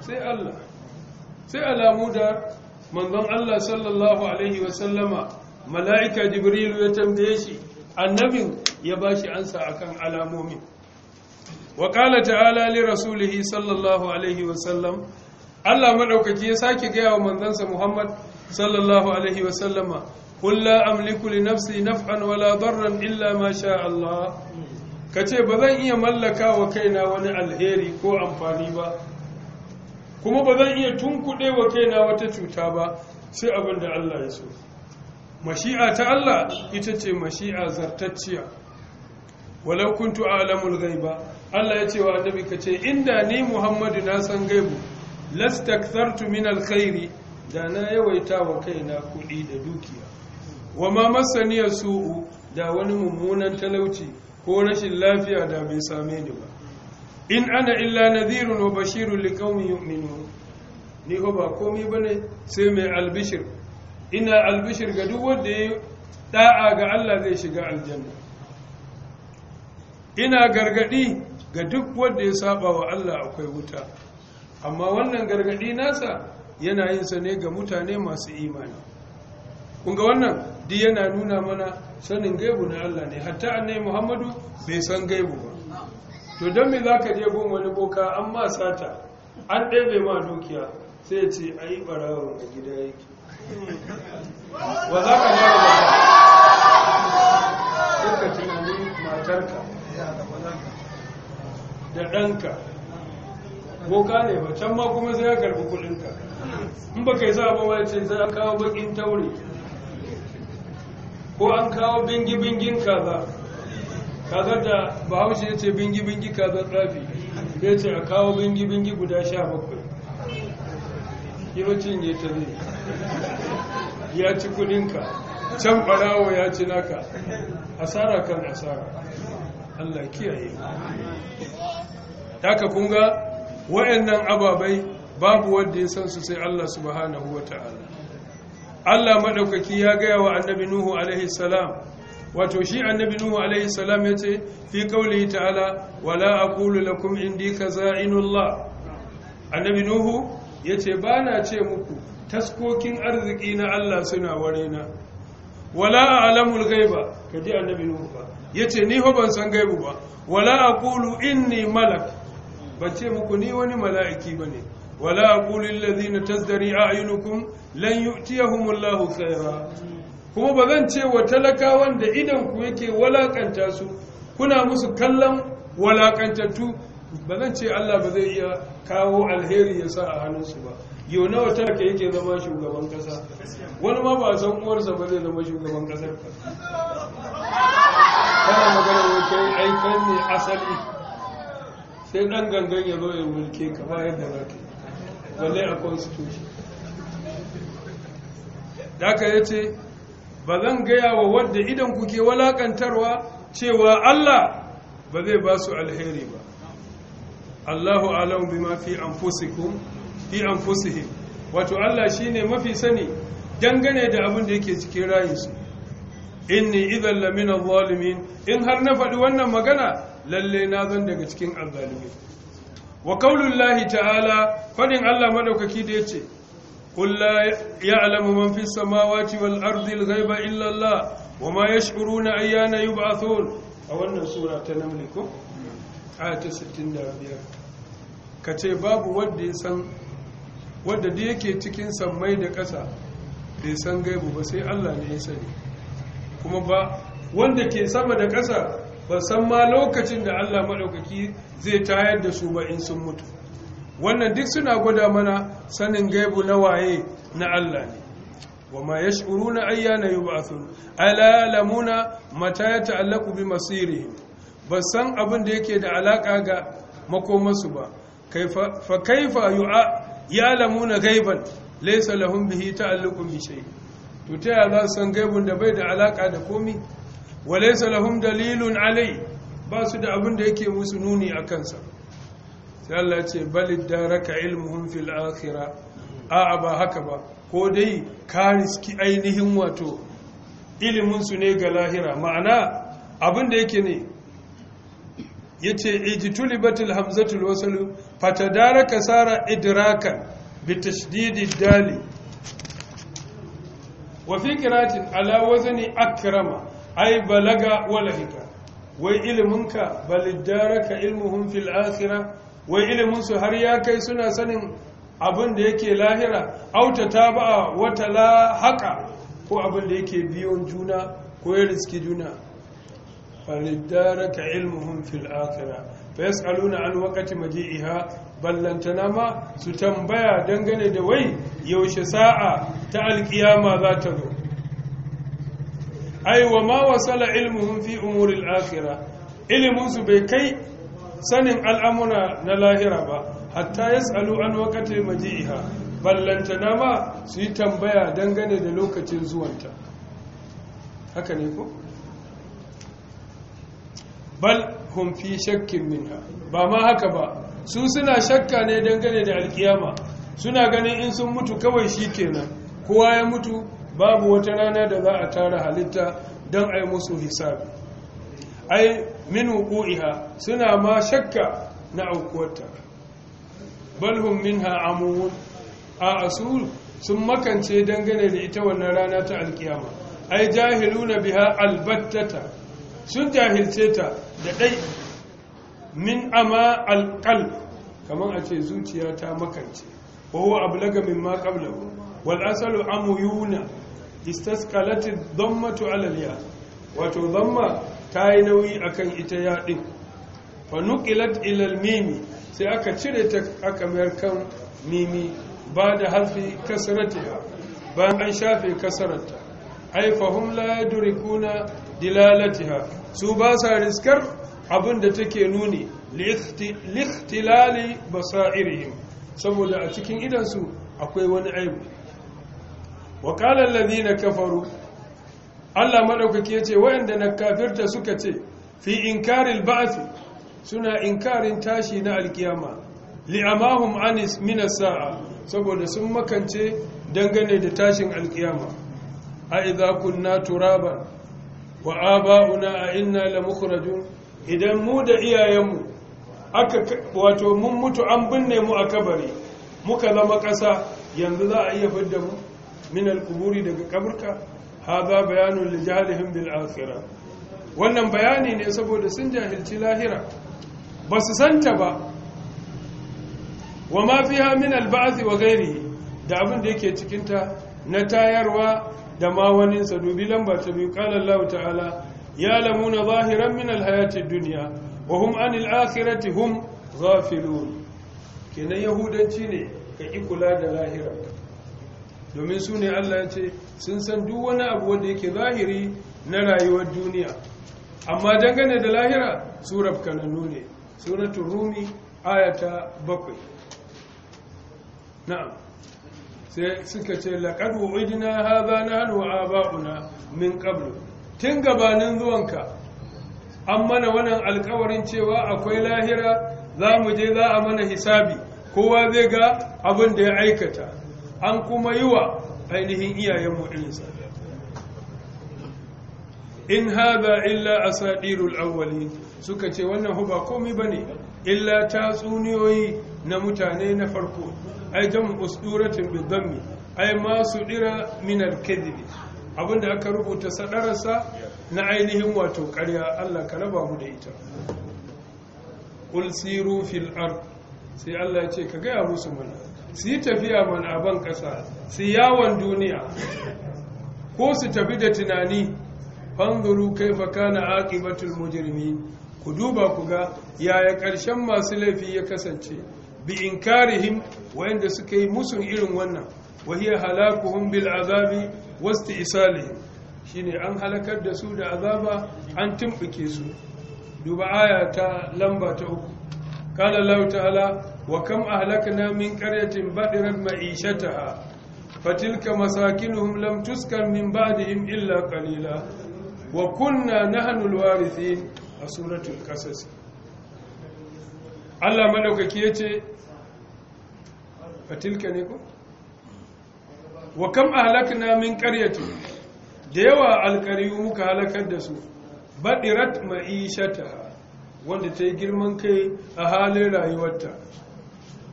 Speaker 1: sai Allah sai alamu da manzon Allah sallallahu alaihi sallama mala'ika jibrilu ya tambaye shi annabin ya ba shi ansa akan alamomin وقال تعالى لرسوله صلى الله عليه وسلم Allah madaukaki ya sake gaya wa manzansa Muhammad sallallahu alaihi wa sallama amliku li nafsi naf'an wala darran illa ma sha Allah ce ba zan iya mallaka wa kaina wani alheri ko amfani ba kuma ba zan iya tunkuɗe wa kaina wata cuta ba sai abin da Allah ya so mashi'a ta Allah ita ce mashi'a zartacciya walau kuntu a'lamul ba, Allah ya ce wa annabi kace inda ni Muhammadu na san gaibu lastakthartu min alkhairi da na yawaita wa kaina kuɗi da dukiya wa ma masaniya su'u da wani mummunan talauci ko rashin lafiya da bai same ni ba in ana illa nadhirun wa bashirun qaumin yu'minun ni ko ba komai bane sai mai albishir ina albishir ga duk wanda ya da'a ga Allah zai shiga aljanna ina gargadi ga duk wanda ya saba wa Allah akwai wuta amma wannan gargaɗi nasa yana yin sa ne ga mutane masu imani kunga wannan duk yana nuna mana sanin gaibu na Allah ne hatta annai Muhammadu bai san gaibu ba to don me za je gun wani boka an ma sata an ɗebe ma dukiya sai ya ce yi barawon a gida yake wa za ka ba da ba ka tunani matarka da ɗanka boka ba can ma kuma sai ya karbi kudinka in ba kai sa ba wace sai an kawo bakin taure ko an kawo bingi-bingin kaza kaza da bahaushe ya ce bingi-bingi kaza tsafi ya ce a kawo bingi-bingi guda sha bakwai yawancin ya ta ne ya ci kudinka can barawo ya ci naka asara kan asara allah kiyaye ta ka kunga waɗannan ababai babu wanda ya san su sai Allah subhanahu wata'ala Allah madaukaki ya gaya wa annabi Nuhu alaihi salam wato shi annabi Nuhu alaihi salam yace fi qawlihi ta'ala wala aqulu lakum indi kaza'inullah annabi Nuhu yace bana ce muku taskokin arziki na Allah suna warena wala a'lamul ghaiba kaji annabi Nuhu ba yace ni ho ban san gaibu ba wala aqulu inni malak ba ce muku ni wani mala'iki ba ne wala na ladhina tazdari a'yunukum lan yu'tiyahumullahu khaira kuma ba zan ce wa talakawan da idan ku yake walakanta su kuna musu kallon walakantattu ba zan ce Allah ba zai iya kawo alheri ya sa a hannunsu ba yau nawa talaka yake zama shugaban kasa wani ma ba san uwarsa ba zai zama shugaban ba
Speaker 3: kana magana wai kai aikan ne
Speaker 1: asali sai ɗan gangan ya zo ya mulke ka ba yadda za ka balle a constitution da aka ya ce ba zan gaya wa wadda idan kuke walakantarwa cewa Allah ba zai ba su alheri ba Allahu alam ma fi anfusikum fi anfusihim wato Allah shine mafi sani dangane da abin da yake cikin rayinsu inni idan lamina zalimin in har na faɗi wannan magana lalle na zan daga cikin azzalimai wa qaulullahi ta'ala Faɗin Allah madaukaki da yace qul ya ya'lamu man fis samawati wal ardi al ghaiba illa Allah wa ma yash'uruna ayyana yub'athun a wannan sura ta naml ko ta 65 kace babu wanda ya san wanda da yake cikin samai da ƙasa bai san gaibu ba sai Allah ne ya sani kuma ba wanda ke sama da ƙasa ba san ma lokacin da Allah maɗaukaki zai tayar da su ba in sun mutu wannan duk suna gwada mana sanin gaibu na waye na Allah ne wa ma yash'uruna ayyana yub'athun ala lamuna mata ya ta'allaqu bi masiri ba san abin da yake da alaka ga makomansu ba kaifa yu'a Ya lamuna gaiban laysa lahum bihi ta'alluqun bi shay to ta za san gaibun da bai da alaka da komi walaysa lahum dalilun alai ba su da abin da yake musu nuni a kansa sai Allah ce bal daraka ilmuhum fil akhirah a'a ba haka ba ko dai ka riski ainihin wato ilimin su ne ga lahira ma'ana abin da yake ne yace ijtulibatil hamzatul wasl fatadaraka sara idrakan bitashdidid dali wa ala akrama ai balaga wala hika wai iliminka balidaraka ilmuhum fil akhirah wai iliminsu har ya kai suna sanin abin da yake lahira auta ta ba wata la haka ko abin da yake biyon juna ko ya riski juna falidaraka ilmuhum fil akhirah fa yasaluna an waqti maji'iha ballantana ma su tambaya dangane da wai yaushe sa'a ta alkiyama za ta zo ai wa ma wasala ilmuhum fi al akhirah ilmun su bai kai sanin al'amuna na lahira ba hatta yasalu an waqati maji'iha ballantana ma su yi tambaya dangane da lokacin zuwanta haka ne ko bal hum fi shakkin minha ba ma haka ba su suna shakka ne dangane da alkiyama suna ganin in sun mutu kawai shi kenan kowa ya mutu babu wata rana da za a tara halitta don a yi musu hisabi ai min wuku'iha suna ma shakka na aukuwarta balhun ha amun a asul sun makance dangane da ita wannan rana ta alkiyama ai jahiluna biha albattata sun jahilce ta da ɗai min ama alƙal. kaman a ce zuciya ta makance wa huwa ablaga mimma qablahu wal asalu amuyuna istaskalatin zammatu alaliya wato zamma ta yi nauyi akan ita ya yaɗin fanukilat ilal mimi sai aka cire ta aka mayar kan mimi ba da hafi kasaratiya bayan an shafe kasararta ai fahim la yadrikuna dilalatiha su ba sa riskar abin da take nuni likhtilali basairihim saboda a cikin idansu akwai wani aibu wa qala na kafaru Allah madaukake yace wayanda na kafirta suka ce fi inkaril ba'th suna inkarin tashi na alkiyama li'amahum anis mina saa saboda sun makance dangane da tashin alkiyama a idza kunna turaban wa aba'una a inna lamukhrajun idan mu da iyayenmu aka wato mun mutu an binne mu a kabari muka zama ƙasa yanzu za a iya fidda mu min al daga kaburka haza bayanun li jahlihim bil akhirah wannan bayani ne saboda sun jahilci lahira ba su santa ba wa ma fiha min al-ba'th wa ghairihi da abin da yake cikinta na tayarwa da ma waninsa dubi lamba ta biyu qala Allah ta'ala ya lamuna zahiran min al-hayati ad-dunya wa hum anil akhirati hum ghafilun kenan yahudanci ne ka kula da lahira domin su ne Allah ya ce sun san duk wani abu wanda yake zahiri na rayuwar duniya amma dangane da lahira surar kananu ne suratun rumi ayata bakwai na'am sai suka ce na wu'idna na hannu a ba'una min ƙablu tun gabanin zuwanka an mana wannan alkawarin cewa akwai lahira za mu je za a mana hisabi kowa zai ga abin da ya aikata an kuma yi wa ainihin iyayenmu irinsa in haɗa illa a saɗirul awwali suka ce wannan huba komi ba ne illa ta tsuniyoyi na mutane na farko ai jan usduratin bidammi ai masu ɗira minar kedibi abinda aka rubuta saɗararsa na ainihin wato ƙarya allah ka raba mu da ita ƙulsiru fil sai allah ce ka gaya musu mana su yi tafiya mana ƙasa su yawon duniya ko su tafi da tunani kai na na batun mujirmi ku duba ku ga yaya ƙarshen masu laifi ya kasance bi in him wayanda suka yi musun irin wannan wa hiya halakuhum bil azabi shi shine an halakar da su da azaba an tumɓuke su duba aya ta lamba ta uku qala ta'ala wa kam ahlakna min qaryatin badirat ma'ishataha fatilka masakinuhum lam tuskan min ba'dihim illa qalila wa kunna nahnu alwarithin a suratul qasas Allah madaukaki yace tilka ne ko wa kam ahlakna min qaryatin da yawa alqariyu muka halakar da su badirat ma'ishataha wanda ta yi girman kai a halin rayuwarta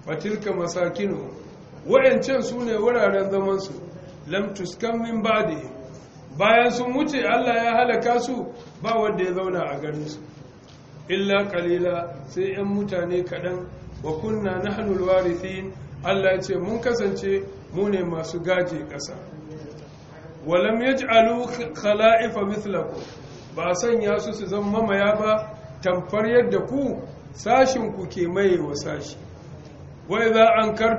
Speaker 1: fatilka masakinu wa'ancan su ne wuraren zamansu lam tuskan min ba'di bayan sun wuce Allah ya halaka su ba wanda ya zauna a garin su illa qalila sai 'yan mutane kaɗan wa kunna nahnu alwarithin Allah ya ce mun kasance mu ne masu gaje ƙasa walam yaj'alu khala'ifa mithlakum ba sanya su su zama mamaya ba tamfar yadda ku sashin ku ke maye wa sashi wai za an an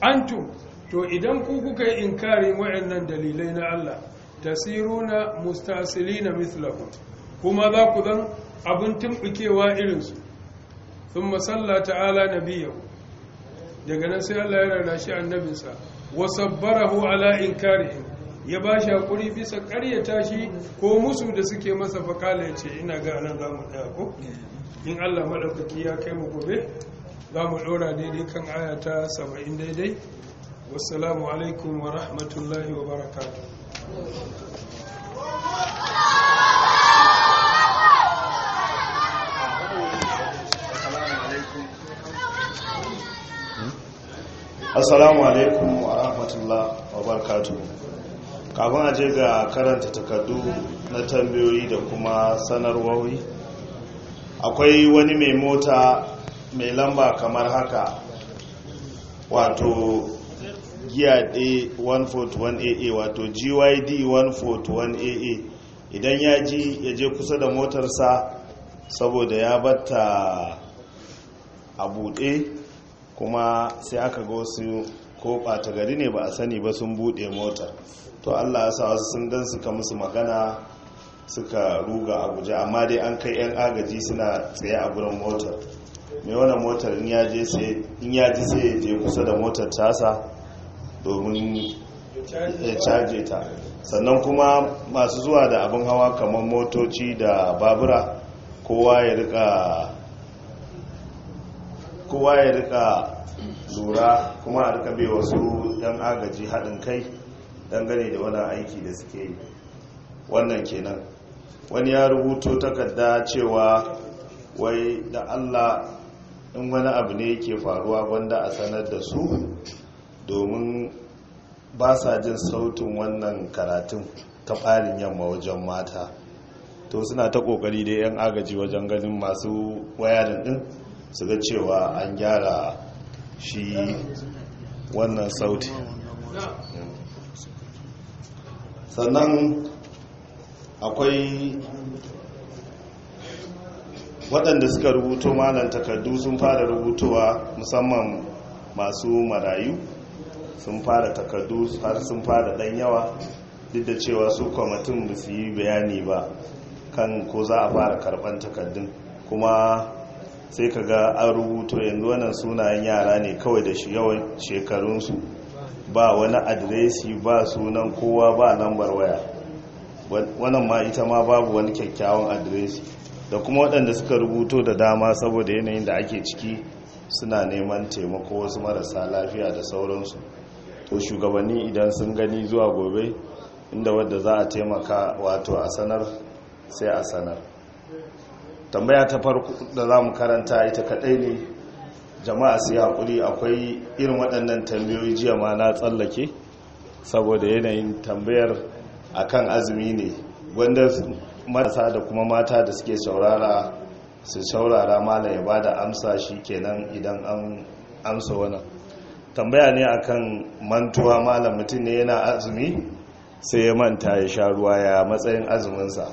Speaker 1: antum to idan ku kuka yi inkarin waɗannan dalilai na Allah tasiruna mustasilina mithlahu kuma za ku zan abin tumbikewa irinsu sun masalla ta'ala nabiya daga nan sai Allah ya rana shi annabinsa barahu ala inkarihim ya ba shi hakuri bisa karyata shi ko musu da suke masa fakala ya ce ina ga za zamu ɗaya ko in Allah maɗaukaki ya kai mu gobe za mu ɗora daidai kan ayata 70 daidai wasu alaikum wa rahmatullahi wa barakatu
Speaker 4: assalamu alaikum wa rahmatullahi wa barakatu. kafin a ga karanta takardu na tambayoyi da kuma sanarwowi akwai wani mai mota mai lamba kamar haka wato giya 141aa wato gyd 141aa idan ya ji ya je kusa da motarsa saboda ya batta a buɗe kuma sai aka ga wasu ko ɓata gari ne ba a sani ba sun buɗe motar to allah ya sa wasu sun dan suka musu magana suka ruga a guje amma dai an kai 'yan agaji suna tsaye a gurin motar mai wannan motar in ya ji sai ya je kusa da motar tasa domin ya caje ta sannan kuma masu zuwa da abin hawa kamar motoci da babura kowa ya rika zura kuma a rika bai wasu dan agaji haɗin kai dangane da wani aiki da suke yi wannan kenan wani ya rubuto takarda cewa wai da allah in wani abu ne yake faruwa gwanda a sanar da su domin ba sa jin sautin wannan karatun ta ɓarin yamma wajen mata to suna ta ƙoƙari da 'yan agaji wajen ganin masu wayarin din su ga cewa an gyara shi wannan sauti sannan akwai waɗanda suka rubuto malan takardu sun fara rubutowa musamman masu marayu sun fara takardu har sun fara ɗan yawa duk da cewa su kwamitin ba su yi bayani ba kan ko za a fara karɓar takardun kuma sai ka ga an rubuto yanzu wannan sunayen yara ne kawai da yawan shekarunsu ba wani adiresi ba sunan kowa ba lambar waya wannan ma ita ma babu wani kyakkyawan adresi da kuma waɗanda suka rubuto da dama saboda yanayin da ake ciki suna neman taimako wasu marasa lafiya da sauransu to shugabanni idan sun gani zuwa gobe inda wadda za a taimaka wato a sanar sai a sanar tambaya ta farko da za mu karanta ita kaɗai ne jama'a su yi haƙuri akwai irin waɗannan tambayoyi jiya ma na tsallake saboda yanayin tambayar akan azumi ne wanda marasa da kuma mata da suke saurara su saurara mala ya bada amsa shi kenan idan an amsa wannan tambaya ne akan mantuwa malam mutum ne yana azumi sai ya manta ya sha ruwa ya matsayin azuminsa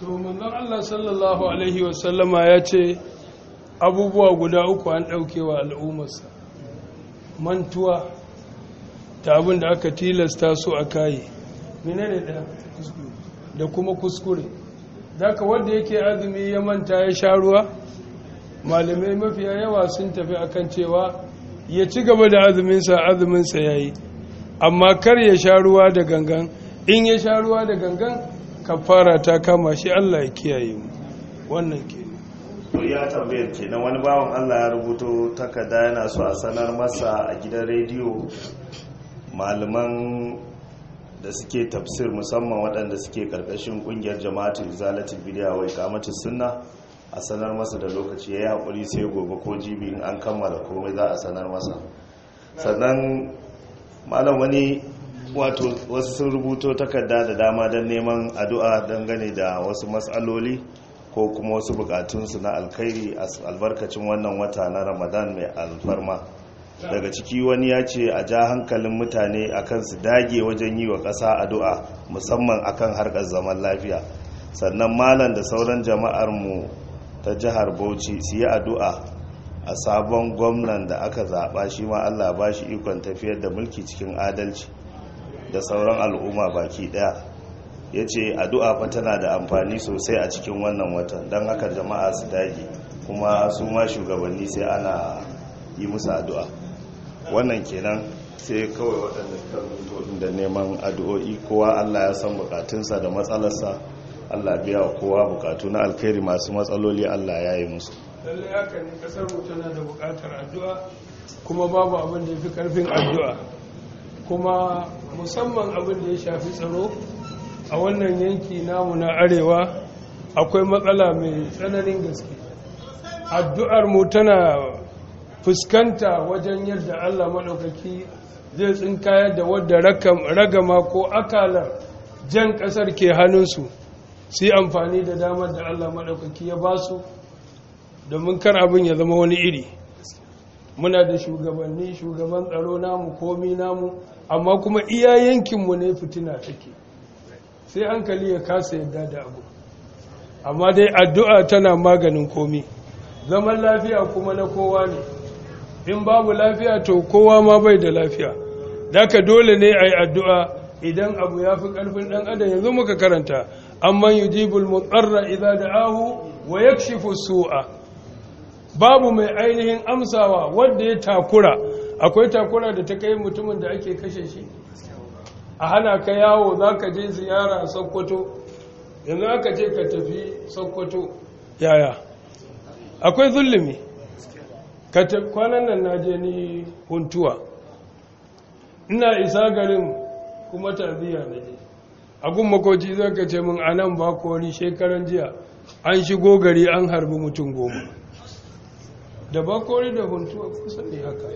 Speaker 1: to manzon Allah sallallahu alaihi wasallama ya ce abubuwa guda uku an wa al'ummarsa mantuwa ta abin da aka tilasta su a kai menene da da kuma kuskure daga wanda yake azumi ya manta ya sha ruwa malamai mafiya yawa sun tafi a kan cewa ya ci gaba da azuminsa azuminsa ya yi amma kar ya sha ruwa da gangan in ya sha ruwa da gangan kafara ta kama shi Allah ya kiyaye mu wannan
Speaker 4: ke to ya tambayar na wani bawan Allah ya rubuto takarda yana su a sanar masa a gidan rediyo malaman da suke tafsir musamman waɗanda suke ƙarƙashin ƙungiyar jama'atun zalatin bidiya wai kamata sunna a sanar masa da lokaci ya yi haƙuri sai gobe ko jibi in an kammala komai za a sanar masa sannan malam wani wato wasu sun rubuto takarda da dama don neman addu'a dangane da wasu matsaloli ko kuma wasu bukatunsu na alkhairi a albarkacin wannan wata na ramadan mai alfarma daga ciki wani ya ce a ja hankalin mutane akan su dage wajen yi wa ƙasa addu'a musamman akan harkar zaman lafiya sannan malam da sauran jama'ar mu ta jihar bauchi su yi addu'a a sabon gwamnan da aka zaɓa shi ma allah ba shi ikon tafiyar da mulki cikin adalci da sauran al'umma baki ɗaya ya ce addu'a fa tana da amfani sosai a cikin wannan watan don haka jama'a su dage kuma su ma shugabanni sai ana yi musu addu'a wannan kenan sai kawai waɗanda suka mutu da neman addu'o'i kowa Allah ya san bukatunsa da matsalarsa Allah biya wa kowa bukatu na alkhairi masu matsaloli Allah ya yi musu
Speaker 1: lalle haka ne kasar tana da bukatar addu'a kuma babu abin da ya fi karfin addu'a kuma musamman abin da ya shafi tsaro a wannan yanki namu na arewa akwai matsala mai tsananin gaske addu'ar mu tana fuskanta wajen yadda Allah maɗaukaki zai tsinkaya da wadda ragama ko akalar jan ƙasar ke hannunsu su amfani da damar da Allah maɗaukaki ya ba su domin kar abin ya zama wani iri muna da shugabanni shugaban tsaro namu komi namu amma kuma iya yankinmu ne fitina take sai hankali ya kasa yadda da abu amma dai addu'a tana maganin komi zaman lafiya kuma na kowa ne in babu lafiya to kowa ma bai da lafiya daka dole ne a yi addu'a idan abu ya fi ƙarfin ɗan adam yanzu muka karanta yi jibul mutsarra da ahu wa yakshifu su'a babu mai ainihin amsawa wanda ya takura akwai takura da ta kai mutumin da ake kashe shi a hana ka yawo za ka je ziyara sokoto yanzu aka ce ka tafi sokoto yaya akwai zulumi kwanan nan na je ni huntuwa ina isa garin kuma tarbiya na je a makoci zan ka ce min a nan ba kori shekaran jiya an shigo gari an harbi mutum goma da ba kori da huntuwa kusa ne haka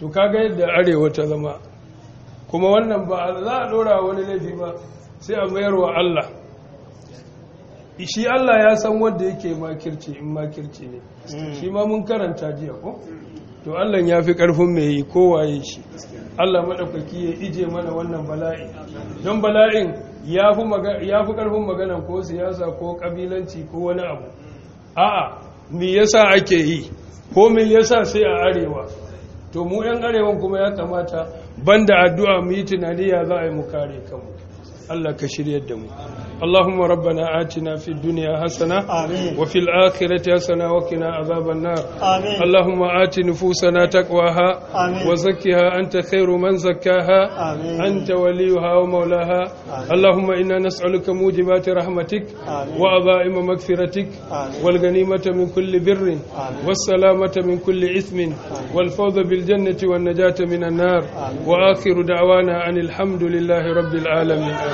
Speaker 1: to kaga yadda arewa ta zama kuma wannan ba za a dora wani laifi ba sai a mayarwa Allah shi Allah ya san wanda yake makirci in makirci ne mm. shi ma mun karanta jiya ko to Allah ya fi karfin mai yi kowaye shi Allah madaukaki ya ije mana wannan bala'i don bala'in ya fi karfin magana ko siyasa ko kabilanci ko wani abu a'a me yasa ake yi ko me yasa sai a arewa to mu yan arewan kuma ya kamata banda addu'a mu yi tunani ya za a yi mu kare kanmu Allah ka shiryar da mu Allahumma rabbana atina fi duniya hasana wa fil akhirati hasana wa qina azaban nar Allahumma ati nufusana taqwaha wa zakkiha anta khairu man zakkaha anta waliyuha wa mawlaha Allahumma inna nas'aluka mujibati rahmatik wa abaima maghfiratik wal ganimata min kulli birrin was salamata min kulli ismin wal fawza bil jannati wan najata min an-nar wa akhiru da'wana anil hamdulillahi rabbil alamin